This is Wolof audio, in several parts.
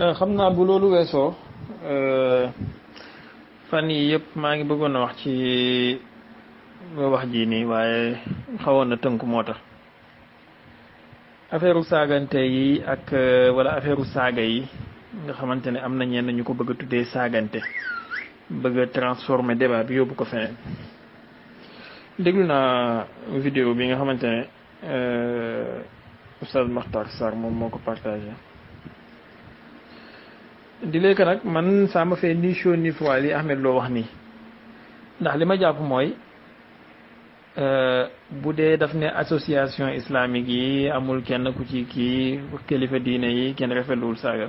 Euh, xam naa bu loolu weesoo euh, fan yi yëpp maa ngi bëggoon a wax ci wax jii nii waaye xawoon na tënk moo tax affaire saagante yi ak euh, wala affaire saaga yi nga xamante ne am na ñeen ñu ko bëgg tuddee saagante bëgg a transformer yóbbu ko feneen déglu naa vidéo bi nga xamante ne Oustaz Makhtar Sarr moom moo ko partagé. di léegi nag man ça me fait ni chaud ni froid li Ahmed loo wax nii ndax li ma jàpp mooy euh, bu dee daf ne association islamique yi amul kenn ku ci kii kilifa diine yi kenn rafetluwul saaga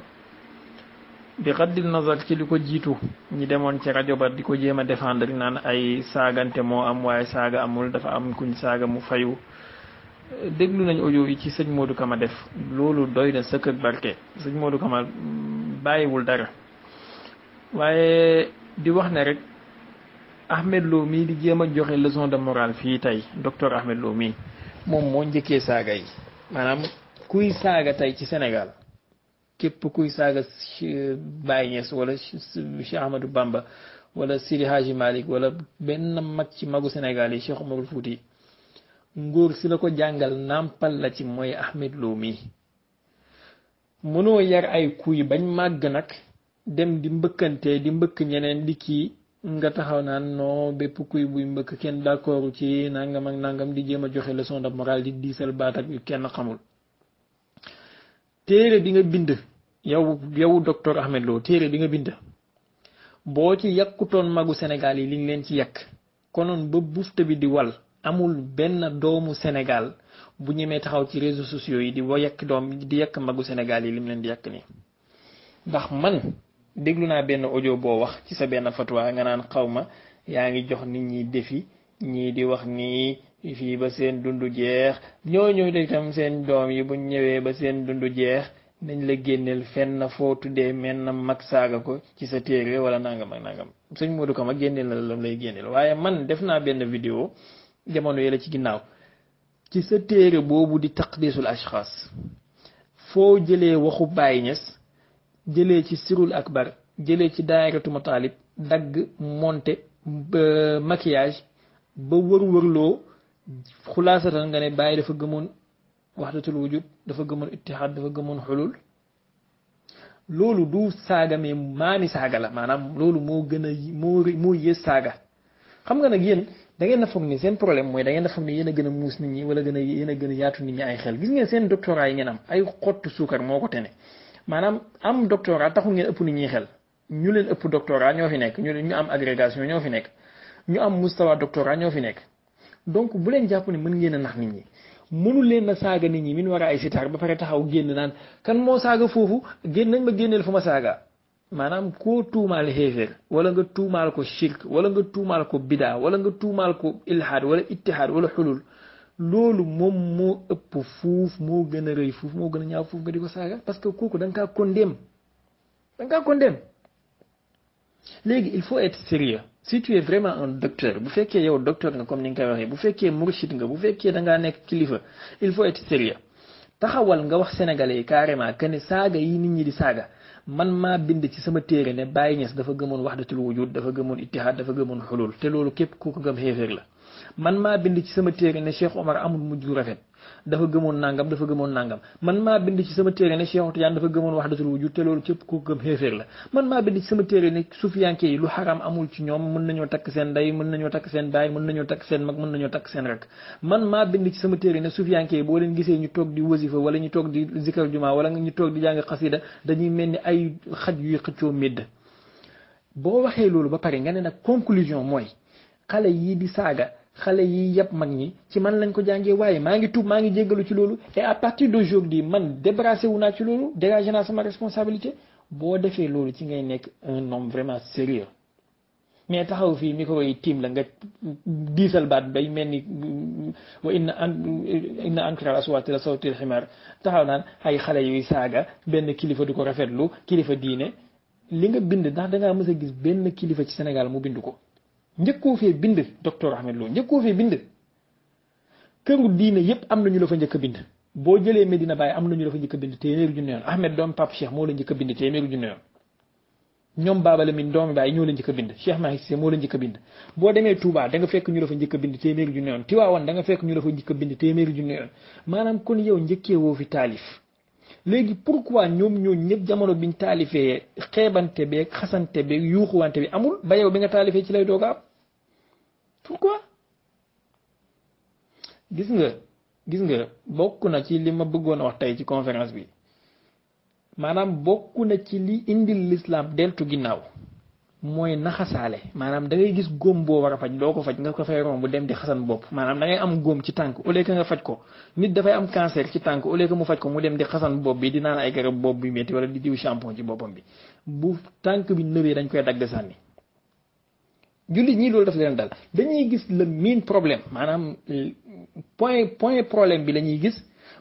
bi xaddil nazar ci li ko jiitu ñi demoon ci rajo ba di ko jéem a défendre naan ay saagante moo am waaye saaga amul dafa am kuñ saaga mu fayu déglu nañ audio yi ci sëñ Modou Kama def loolu doy na sëkk ak barke sëñ Modou Kama bàyyiwul dara waaye di wax ne rek Ahmed Lo mii di jéem a joxe leçon de morale fii tey docteur Ahmed Lo moom moo njëkkee saaga yi maanaam kuy saaga tey ci Sénégal képp kuy saaga Baye Niass walla Cheikh Ahmadou Bamba wala Sidi Hadji Malick benn mag ci magu Sénégal yi Cheikh Omarul Fouti nguur si la ko jàngal nàmpal la ci mooy Ahmed Lo mënoo yar ay kuy bañ màgg nag dem di mbëkkante di mbëkk ñeneen di kii nga taxaw naan non bépp kuy buy mbëkk kenn d'accordu ci nangam ak nangam di jéem a joxe leçon de morale di diisal baat ak yu kenn xamul. téere bi nga bind yow yow docteur Ahmed Lo téere bi nga bind boo ci yàkkutoon magu senegal yi liñ leen ci yàkk konoon ba bufte bi di wal. amul benn doomu Sénégal bu ñemee taxaw ci réseau sociaux yi di wa yekk doom di yekk magu Sénégal yi lim leen di yekk nii ndax man déglu naa benn audio boo wax ci sa benn fatwa nga naan xaw ma yaa ngi jox nit ñi defi ñii di wax nii fii ba seen dundu jeex ñooñu de tam seen doom yi buñ ñëwee ba seen dundu jeex nañ la génneel fenn foo tuddee menn mag saaga ko ci sa téere wala nangam ak nangam sëñ Modou Kama génneel la lam lay génneel waaye man def naa benn vidéo jamono la ci ginnaaw ci sa téere boobu di taqdisul ashxaas foo jëlee waxu Baay Ñas jëlee ci sirul akbar jëlee ci daayiratu mataalib dagg monte makiyage ba wër-wërloo xulaasatan nga ne Baay dafa gëmoon waxdatul wujud dafa gëmoon ittihaad dafa gëmoon xulul loolu du saaga mais maani saaga la maanaam loolu moo gën a moo yées saaga xam nga nag yéen dangeen ngeen a foog ni seen problème mooy da ngeen a foog ni yéen a gën a muus nit ñi gën a yéen yaatu nit ay xel gis ngeen seen doctorat yi ngeen ay xottu suukar moo ko ne maanaam am doctorat taxu ngeen ëpp nit ñi xel ñu leen ëpp doctorat ñoo fi nekk ñu ñu am agrégation ñoo fi nekk ñu am mustawa doctorat ñoo fi nekk donc bu leen jàpp ne mën ngeen a nax nit ñi mënul leen na saaga nit ñi min war a ay sitaar ba pare taxaw génn naan kan moo saaga foofu génn nañ ma génneel fu ma saaga maanaam koo tuumaal xéeféer wala nga tuumaal ko shirk wala nga tuumaal ko bidaa wala nga tuumaal ko ilhaad wala ittihaad wala xulul loolu moom moo ëpp fuuf moo gën a rëy fuuf moo gën a ñaaw fuuf nga di ko saaga parce que kooku da nga kaa condamné da nga kaa condamné léegi il faut être sérieux si tu es vraiment un docteur bu fekkee yow docteur nga comme ni nga koy waxee bu fekkee murshid nga bu fekkee da nekk kilifa il faut être sérieux taxawal nga wax sénégalais yi carrément que ne saaga yi nit ñi di saaga man maa bind ci sama téere ne Baye Niass dafa gëmoon wahdatul wujud dafa gëmoon ittihaad dafa gëmoon xulul te loolu képp ku ko gëm xéeféer la man maa bind ci sama téere ne Cheikh Omar amul mujj rafet dafa gëmoon nangam dafa gëmoon nangam man maa bind ci sama téere ne Cheikh Tidiane dafa gëmoon wahdatul wujud te loolu képp sama téere ne sufiyanke yi lu xaram amul ci ñoom mën nañoo takk seen ndey mën nañoo takk seen baay mën nañoo takk seen mag mën nañoo takk seen rek man maa bind ci sama téere ne sufiyanke yi boo leen gisee ñu toog di wasifa wala ñu toog di zikar juma wala ñu toog di jàng xasida dañuy mel ni ay xaj yuy xëccoo médd boo waxee loolu ba pare nga ne nag conclusion mooy xale yi di saaga xale yi yëpp mag ñi ci man lañ ko jàngee waaye maa ngi tuub maa ngi jéggalu ci loolu et à partir d'aujourd'hui man débarrassé wu naa ci loolu dégagé naa sama responsabilité boo defee loolu ci ngay nekk un homme vraiment sérieux mais taxaw fii micro yi tiim la nga diisal baat bay mel ni wa inna an inna ankara aswaati la ximaar taxaw naan ay xale yuy saaga benn kilifa du ko rafetlu kilifa diine li nga bind ndax dangaa mës a gis benn kilifa ci Sénégal mu bind ko njëkkoo fee bind docteur Ahmed Lo njëkkoo fee bind këru diine yépp am na ñu la fa njëkk a bind boo jëlee Medina Baye am na ñu la fa njëkk a bind téeméeri junne yoon Ahmed doom Pape Cheikh moo la njëkk a bind téeméeri junne ñoom Baba Lamine doomi Baye ñoo la njëkk a bind Cheikh Mahi Cissé moo la njëkk bind boo demee Touba da nga fekk ñu la njëkk a bind téeméeri junne yoon Tiwaawan da nga fekk ñu la fa njëkk a bind téeméeri junne yoon maanaam kon yow njëkkee woo fi taalif léegi pourquoi ñoom ñooñ ñëpp jamono biñ taalifee xeebante beeg xasante beeg yuuxuwante bi amul ba bi nga taalifee ci lay doog a pourquoi gis nga gis nga bokk na ci li ma bëggoon a wax tey ci conférence bi maanaam bokk na ci li indi l'islam deltu ginnaaw mooy naxasaale maanaam da ngay gis góom boo war a faj doo ko faj nga ko fay romb dem di xasan bopp maanaam da ngay am góom ci tànk au lieu que nga faj ko nit dafay am cancer ci tànk au lieu mu faj ko mu dem di xasan bopp bi di naan ay garab bopp bi métti wala di diw shampoing ci boppam bi bu tànk bi nëbee dañ koy dagg sànni. jullit ñi loolu daf leen daal dañuy gis le main problème maanaam point point problème bi lañuy gis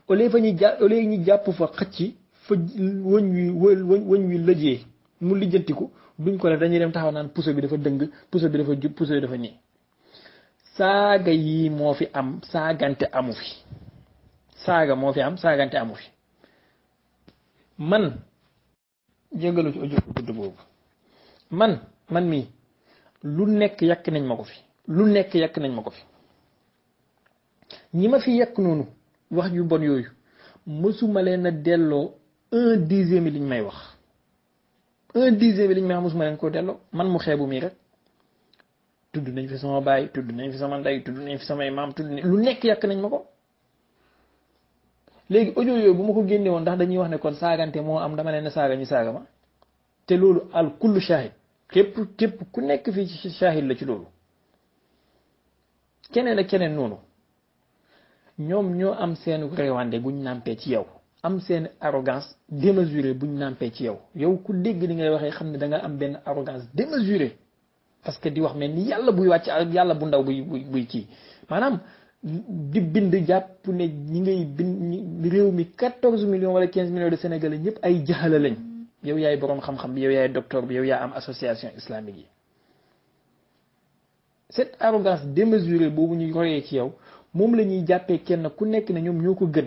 au lieu fa ñuy jà ñu jàpp fa xëcc fa wëñ wi wëñ wi lëjee mu lijjantiku. duñ ko def dañuy dem taxaw naan puso bi dafa dëng puso bi dafa jub puso bi dafa nii saaga yii moo fi am saagante amu fi saaga moo fi am saagante amu fi man jégalu ci audio gudd boobu man man mii lu nekk yàq nañ ma ko fi lu nekk yàq nañ ma ko fi ñi ma fi yàq noonu wax yu bon yooyu mësuma leen a delloo un dixième liñ may wax un dixième bi li ñu ma mos ma leen ko delloo man mu xeebu mii rek tudd nañ fi sama baay tudd nañ fi sama ndey tudd nañ fi samay maam tudd nañ lu nekk yàq nañ ma ko léegi audio bu ma ko génne woon ndax dañuy wax ne kon saagante moo am dama leen saaga ñu saaga ma te loolu al kullu shahid képp képp ku nekk fii ci shahid la ci loolu keneen ak keneen noonu ñoom ñoo am seenu réewande guñ nàmpee ci yow am seen arrogance démesurée buñ nàmpee ci yow yow ku dégg ni ngay waxee xam ne da nga am benn arrogance démesurée parce que di wax mel ni yàlla buy wàcc ak yàlla bu ndaw buy buy ci maanaam di bind jàpp ne ñi ngay bind réew mi quatorze millions wala quinze millions de sénégalais ñëpp ay jaxala lañ yow yaay boroom xam-xam bi yow yaay docteur bi yow yaa am association islamique yi cette arrogance démesurée boobu ñu royee ci yow moom la ñuy jàppee kenn ku nekk ne ñoom ñoo ko gën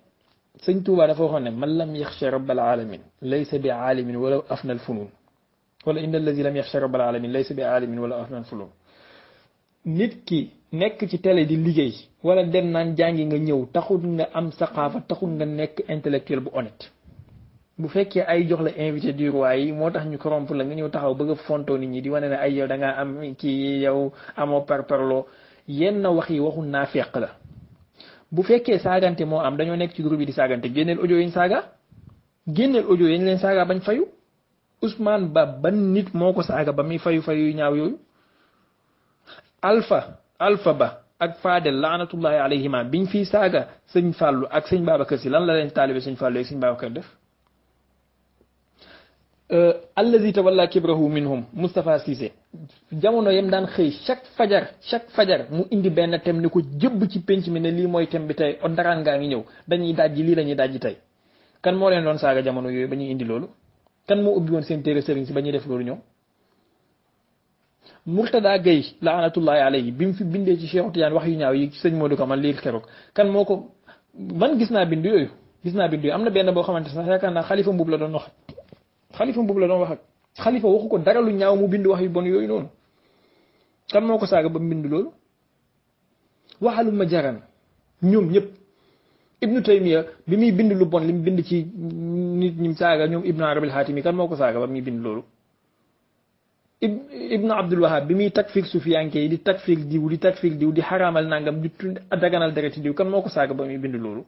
sëñ Touba dafa waxoon ne man lam yaxsha rabbal alamin laysa bi aalimin wala afna al funun wala inna allazi lam yaxsha rabbal alamin laysa bi aalimin wala afna al funun nit ki nekk ci télé di liggéey wala dem naan jàngi nga ñëw taxul nga am saqafa taxul nga nek intellectuel bu honnête bu fekkee ay jox la invité du roi yi moo tax ñu corrompre la nga ñëw taxaw bëgg fonto nit ñi di wane ne ay yow da nga am ki yow amoo perperlo yenn wax yi waxu naafeq la bu fekkee saagante moo am dañoo nekk ci groupe yi di saagante génneel audio yi ñu saaga génneel audio yi ñu leen bañ fayu usmaan Ba ban nit moo ko saaga ba muy fayu fayu yu ñaaw yooyu Alpha Alpha Ba ak Fadel laanatullahi alayhima biñ fiy saaga sëñ Fallou ak sëñ Babacar si lan la leen taalibe sëñ Fallou ak sëñ Babacar def. Euh, allazi tawalla kibrahu minhum Moustapha Cissé jamono yam daan xëy chaque fajar chaque fajar mu indi benn thème ni ko jëbb ci penc mi ne lii mooy thème bi tey ndaraan ngaa ngi ñëw dañuy dajji lii la ñuy dajji tey kan moo leen doon saaga jamono yooyu ba ñuy indi loolu kan moo ubbi woon seen téere sëriñ si ba ñuy def loolu ñoom Murtada Gueye laanatullahi alayhi bi mu fi bindee ci Cheikh Tidiane wax yu ñaaw yi sëñ Modou Kamal lii keroog kan moo ko man gis naa bind yooyu gis naa bind yooyu am na benn boo xamante naa xalifa mbuub la doon wax xalifa boobu la doon wax ak xalifa waxu ko dara lu ñaaw mu bind wax yu bon yooyu noonu kan moo ko saaga ba mu bind loolu waxalu ma jaran ñoom ñëpp ibnu taymiya bi muy bind lu bon li mu bind ci nit ñi saaga ñoom ibnu arabil xaatimi kan moo ko saaga ba muy bind loolu ibnu abdul wahab bi muy takfir sufiyanke yi di takfir diw di takfir diw di xaraamal nangam di daganal dara ci diw kan moo ko saaga ba muy bind loolu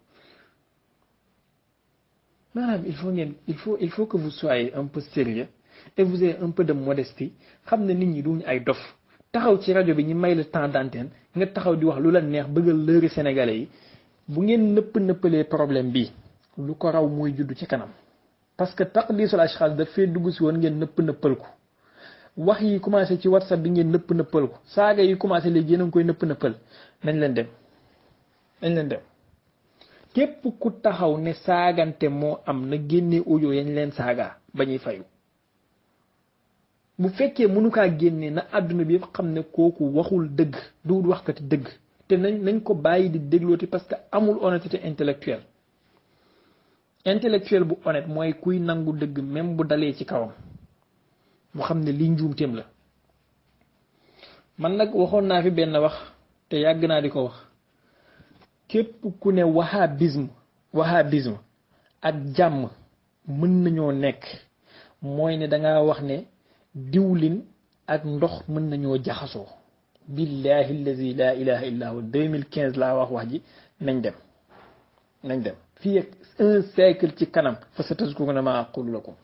maanaam il faut ngeen il faut il faut que vous soyez un peu sérieux et vous ayez un peu de modestie xam ne nit ñi duñu ay dof taxaw ci rajo bi ñu may la temps d'antenne nga taxaw di wax lu la neex bëggal lëri sénégalais yi bu ngeen nëpp nëppalee problème bi lu ko raw mooy juddu ci kanam parce que taqdiisul ashxaas daf fee dugg si woon ngeen nëpp nëppal ko wax yi commencé ci whatsapp bi ngeen nëpp nëppal ko saaga yi commencé léegi yéen a koy nëpp nëppal nañ leen dem nañ leen dem képp ku taxaw ne saagante moo am na génne ojo yañ leen saaga ba ñuy fayu bu fekkee mënu kaa génne na àdduna bi yëpp xam ne kooku waxul dëgg duwul waxkati dëgg te nañ nañ ko bàyyi di déglooti parce que amul honnêteté intellectuelle intellectuel bu honnête mooy kuy nangu dëgg même bu dalee ci kawam mu xam ne li njuumteem la man nag waxoon naa fi benn wax te yàgg naa di ko wax képp ku ne wahabisme wahabisme ak jàmm mën nañoo nekk mooy ne danga wax ne diwlin ak ndox mën nañoo jaxasoo billahi allazi la ilaha illa laa wax wax ji nañ dem nañ dem fii ak un siècle ci kanam fa satazkuruna ma aqulu lakum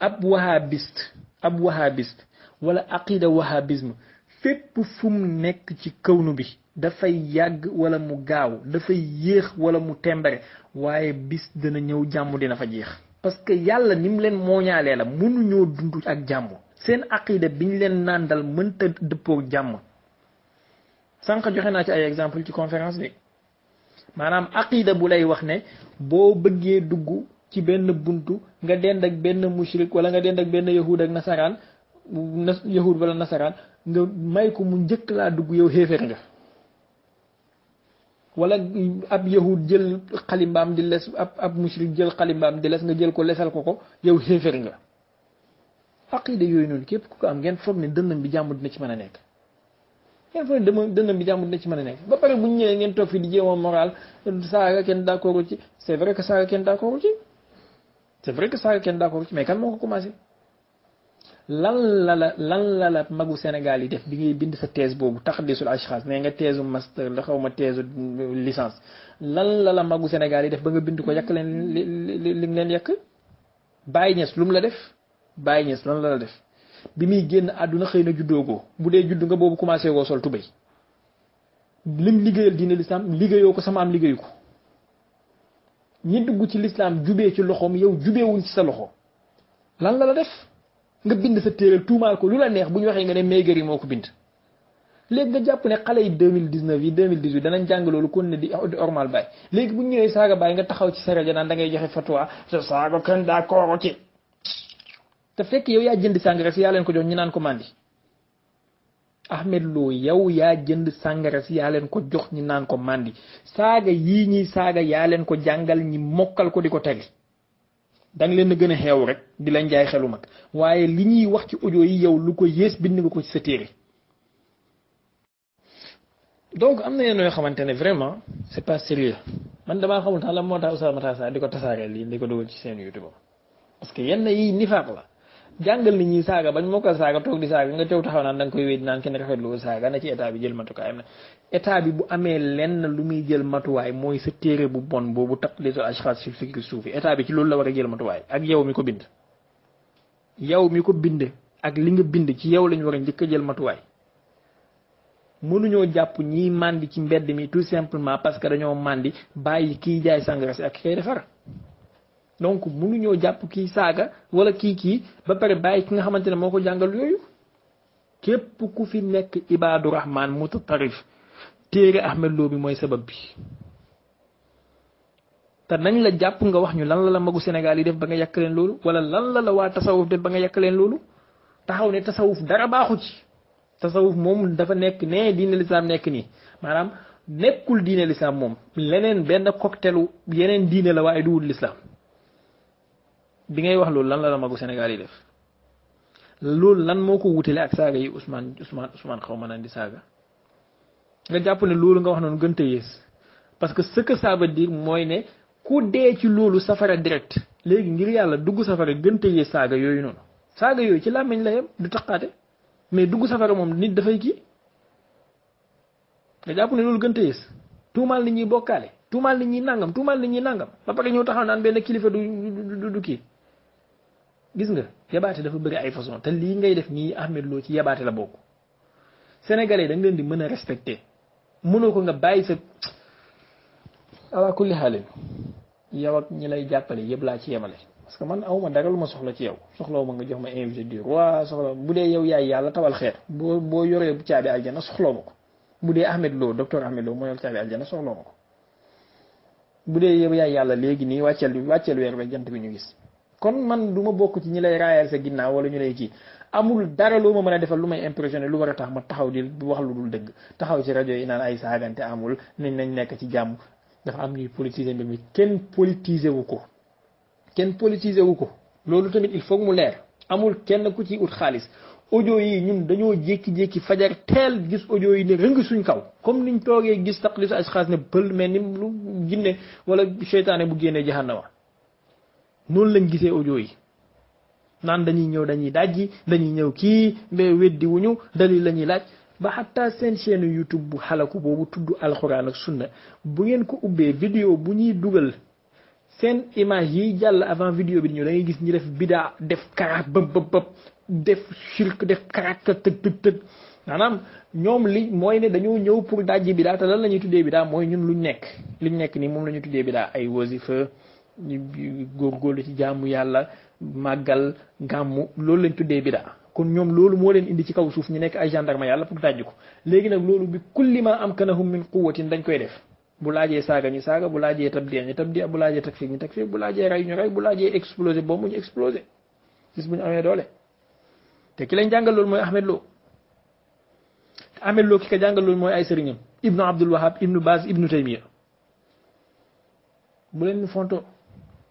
ab wahabiste ab wahabiste wala aqida wahabisme fépp fu nekk ci kawnu bi dafay yag wala mu gaaw dafay yeex wala mu tembere waaye bis dana ñëw jàmm dina fa jeex parce que yàlla nim leen mooñaalee la ñoo dund ak jàmm seen aqida biñ leen nàndal mënta dëppoo jàmm sànq joxe naa ci ay exemple ci conférence bi maanaam aqida bu lay wax ne bo bëggee dugg ci benn buntu nga dend ak benn mushrik wala nga dend ak benn yahud ak nasaraan yahud wala nasaraan nga may ko mu njëkk laa dugg yow xéeféer nga wala ab yahud jël xalimbaam di les ab ab mushrik jël xalimbaam di les nga jël ko lesal ko ko yow xéefér nga aqida yooyu noonu képp ku ko am ngeen foog ni dënn bi jàmm dina ci mën a nekk ngeen foog ne dama bi jàmm dina ci mën a nekk ba pare bu ñu ñëwee ngeen toog fi di jéem a saaga kenn d'accord ci c'est vrai que saaga kenn d'accord ci c'est vrai que ci mais kan moo ko commencé lan la la lan la la magu Sénégal yi def bi ngay bind sa tees boobu taxdisul ashxaas nee nga teesu master la xaw ma thèse licence lan la la magu Sénégal yi def ba nga bind ko yàq leen li li li leen yàq la def Baye Niass lan la def bi muy génn àdduna xëy na juddoo ko bu dee judd nga boobu commencé woo sol tubéy lim liggéeyal diine lislaam liggéeyoo ko sama am liggéeyu ko ñi dugg ci lislaam jubee ci loxoom yow jubeewuñ ci sa loxo lan la la def. nga bind sa téere tuumaal ko lu la neex bu ñu waxee nga ne Maigri moo ko bind léegi nga jàpp ne xale yi 2019 yi 2018 danañ jàng loolu kon ne di ormal Baye léegi bu ñu ñëwee saaga Baye nga taxaw ci sare ja naan da ngay joxe fatwa te saaga kenn daa te fekk yow yaa jënd sàngara si yaa leen ko jox ñu naan ko mandi Ahmed Lo yow yaa jënd sàngara si yaa leen ko jox ñi naan ko mandi saaga yii ñuy saaga yaa leen ko jàngal ñi mokkal ko di ko tegi da leen a gën a xeew rek di leen jaay xelu mag waaye li ñuy wax ci ojo yi yow lu ko yées bind nga ko ci sa téere donc am na yenn yoo xamante ne vraiment c'est pas sérieux man damaa xamul tax la moo tax Oustaz Makhtar Sarr di ko tasaareel lii di ko dugal ci seen YouTube parce que yenn yi nifaaq la jàngal nit ñi saaga bañ mokkal saaga toog di saaga nga tew taxaw naan da nga koy wéy naan kenn rafetlu saaga na ci état bi jël matukaayam na état bi bu amee lenn lu muy jël matuwaay mooy sa téere bu bon boobu taqliidu ashxaas fi fikri suufi état bi ci loolu la war a jël matuwaay ak yow mi ko bind yow mi ko bind ak li nga bind ci yow lañu war a njëkk jël matuwaay mënuñoo jàpp ñiy màndi ci mbedd mi tout simplement parce que dañoo màndi bàyyi kiy jaay sangara si ak ki donc munu ñoo japp saga saga wala kiki ki ba pare bàyyi ki nga xamantene moko jangal yoyu kep ku fi nek ibaadu rahman mutatarif téere ahmed lo bi mooy sabab bi ta nañ la japp nga wax ñu lan la la magu senegal yi def ba nga yakaleen lolu wala lan la la wa tasawuf def ba nga yakaleen lolu taxaw ne tasawuf dara baxu ci tasawuf mom dafa nek ne diine l'islam nek ni manam nekul diine l'islam mom leneen benn cocktailu yeneen diine la waaye duwul l'islam bi ngay wax loolu lan la la magu Sénégal yi def loolu lan moo ko wutale ak saaga yi Ousmane Ousmane Ousmane xaw ma naa di saaga nga jàpp ne loolu nga wax noonu gën a parce que ce saaba ça mooy ne ku dee ci loolu safara direct léegi ngir yàlla dugg safara gën a yées saaga yooyu noonu saaga yooyu ci làmmiñ la yem du taxaate mais dugg safara moom nit dafay kii nga jàpp ne loolu gën a yées tuumaal nit ñi bokkaale tuumaal nit ñi nangam tuumaal nit ñi nangam ba pare ñëw taxaw naan benn kilifa du du gis nga yabaate dafa bëri ay façon te lii ngay def nii Ahmed loo ci yabaate la bokk sénégalais da nga leen di mën a respecté mënoo ko nga bàyyi sa ala kulli xaalin yow ak ñi lay jàppale yëpp laa ci yemale parce que man awma dara lu ma soxla ci yow soxlaw ma nga jox ma invité du roi soxla bu dee yow yaay yàlla tawal xeer boo boo yoree caabi aljana soxlaw ma ko bu dee Ahmed Lo docteur Ahmed Lo moo yor caabi aljana soxlaw ma ko bu dee yow yaay yàlla léegi nii wàcceel wàcceel weer ba jant bi ñu gis kon man du ma bokk ci ñi lay raayal sa ginnaaw wala ñu lay kii amul dara loo ma mën a defal lu may impressionné lu war a tax ma taxaw di wax lu dul dëgg taxaw ci rajo yi naan ay saagante amul nañ nañ nekk ci jàmm dafa am ñuy politiser mbir mi kenn politiser wu ko kenn politiser wu ko loolu tamit il faut mu leer amul kenn ku ci ut xaalis audio yi ñun dañoo jékki-jékki fajar teel gis audio yi ne rëng suñ kaw comme niñ toogee gis taqlisu asxaas ne bël mel ni lu jinne wala seytaane bu génnee jahannama noonu lañ gisee audio yi naan dañuy ñëw dañuy dajji dañuy ñëw kii mais weddi wuñu dalil la ñuy laaj ba xataa seen chaîne YouTube bu xalaku boobu tudd alxuraan ak sunna bu ngeen ko ubbee vidéo bu ñuy dugal seen image yi jàll avant vidéo bi di ñëw gis ñu def bidaa def karaat bëb bëb bëb def shirk def karaat tëg tëg tëg ñoom li mooy ne dañoo ñëw pour dajji bidaa te lan la ñuy tuddee bidaa mooy ñun lu luñ nekk liñ nekk nii moom la ñuy tuddee bidaa ay wasifa ñu góorgóorlu ci jaamu yàlla màggal gàmmu loolu lañ tuddee bidaa kon ñoom loolu moo leen indi ci kaw suuf ñu nekk ay gendarme yàlla pour dajju ko léegi nag loolu bi kulli ma amkanahum min quwwatin dañ koy def bu laajee saaga ñi saaga bu laajee tabdi ñi tabdi bu laajee takfiir ñu takfiir bu laajee rey ñu bu laajee explosé boobu ñu explosé gis bu ñu amee doole te ki lañ jàngal loolu mooy Ahmed loo te Ahmed Lo ki ko jàngal loolu mooy ay sëriñam ibnu Abdul Wahab ibnu Baz ibnu Taymiya bu leen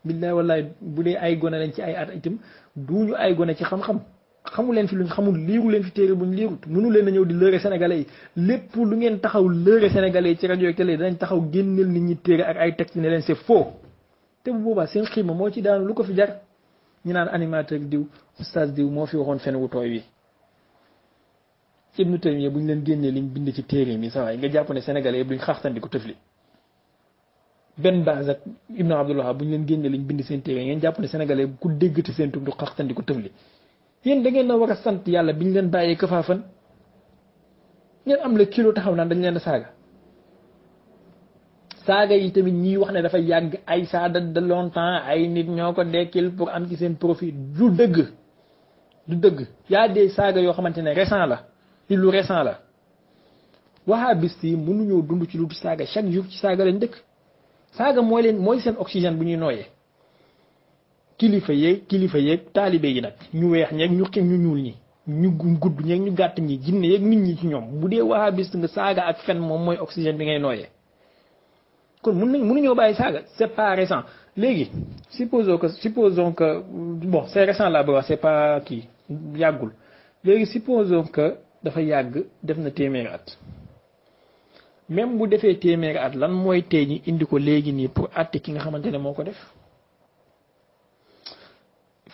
billaay wallaay bu dee ay gone lañ ci ay at itam duñu ay gone ci xam-xam xamu leen fi luñ xamul liiru leen fi téere buñ liirut mënu leen a ñëw di lëre sénégalais yi lépp lu ngeen taxaw lëre sénégalais ci rajo ak télé taxaw génneel nit ñi téere ak ay texte ne leen c'est faux te bu boobaa seen xiima moo ci daanu lu ko fi jar ñu naan animateur diw oustaz diw moo fi waxoon fen wu tooy wi ci Ibnu Taymiya bu ñu leen génnee liñ bind ci téere mi sa waay ne sénégalais yëpp duñ xaaxtandi ko tëfli benn base ak Ibn Abdul Wahab bu ñu leen génne liñ bind seen téere ngeen jàpp ne sénégalais ku déggati seen tur du xaxtan di ko tëfli yéen da ngeen na war a sant yàlla bi ñu leen bàyyee këfaafan ngeen am la kilo taxaw naan dañ leen saaga saaga yi tamit ñiy wax ne dafa yàgg ay ça da de longtemps ay nit ñoo ko dekkil pour am ci seen profit du dëgg du dëgg yaa dee saaga yoo xamante ne récent la li lu récent la bis si mënuñoo dund ci lu saaga chaque jour ci saaga lañ saaga mooy leen mooy seen oxygène bu ñuy nooyee kilifa yeeg kilifa yeeg taalibe yi nag ñu weex ñeeg ñu xim ñu ñuul ñi ñu gudd ñeeg ñu gàtt ñi jinne yeeg nit ñi ci ñoom bu dee wahabiste nga saaga ak fen moom mooy oxygène bi ngay nooyee kon mun nañ mënuñoo bàyyi saaga c' est pas récent léegi supposons que supposons que bon c' est récent laa bëgg wax c' pas kii yàggul léegi supposons que dafa yàgg def na téeméeri at même bu defee téeméere at lan mooy tey ñi indi ko léegi nii pour atte ki nga xamante ne moo ko def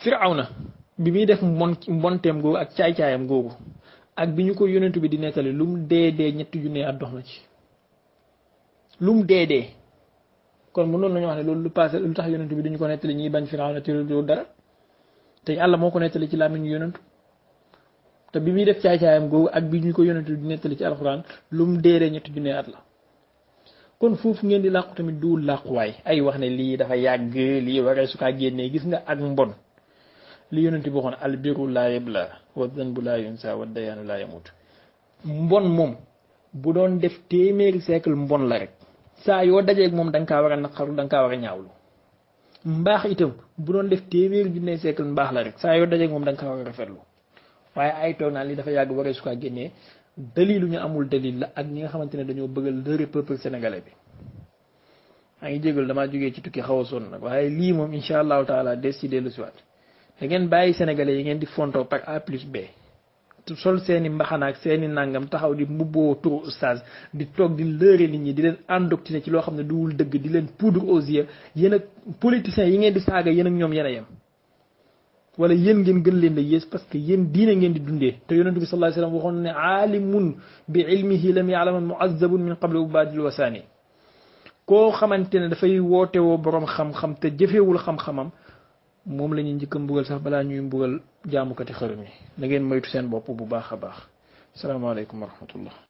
firawna bi muy def mon monteem googu ak caay-caayam googu ak bi ñu ko yonent bi di nettali lu mu dee dee ñetti junne at dox na ci lu mu dee dee kon mënoon nañu wax ne loolu lu passé lu tax yonent bi duñu ko nettali ñuy bañ firawna tiru dara tey àlla moo ko nettali ci lamiñu yonentu te bi muy def caay-caayam googu ak bi ñu ko yonent di nettali ci alxuraan lu mu deeree ñetti junne at la kon foofu ngeen di làqu tamit du làquwaay ay wax ne lii dafa yàgg lii waree su kaa génnee gis nga ak mbon li yonent bi waxoon albiru laa yabla wa zanbu laa yunsa wa dayaanu laa yamut mbon moom bu doon def téeméeri siècle mbon la rek saa yoo dajeeg moom da kaa war a naqaru da kaa war a ñaawlu mbaax itam bu doon def téeméeri junne siècle mbaax la rek saa yoo dajeeg moom da nga rafetlu waaye ay toog naan li dafa yàgg waree su ko génnee dalil lu ñu amul dalil la ak ñi nga xamante ne dañoo bëggal lëre peuple sénégalais bi maa ngi jégalu damaa jógee ci tukki xaw a sonn nag waaye lii moom incha allahu taala décidé lu si waat da ngeen bàyyi sénégale yi ngeen di fontoo par A plus B sol seeni mbaxana ak seeni nàngam taxaw di mbubboo turu oustaz di toog di lëre nit ñi di leen endoctriner ci loo xam ne duwul dëgg di leen poudre aux yeux yéen ak politiciens yi ngeen di saaga yéen ak ñoom yéen a wala yéen ngeen gën leen a yées parce que yéen diine ngeen di dundee te yonent bi sallallahu alayhi wa sallam waxoon ne aalimun bi ilmihi lam yaalaman muazzabun bu qabli ubaadil wasaani koo xamante ne dafay woote woo boroom xam-xam te jëfeewul xam-xamam moom la ñuy njëkk mbugal sax balaa ñuy mbugal jaamukati xërëm yi na ngeen moytu seen bopp bu baax a baax salaamaaleykum wa rahmatullah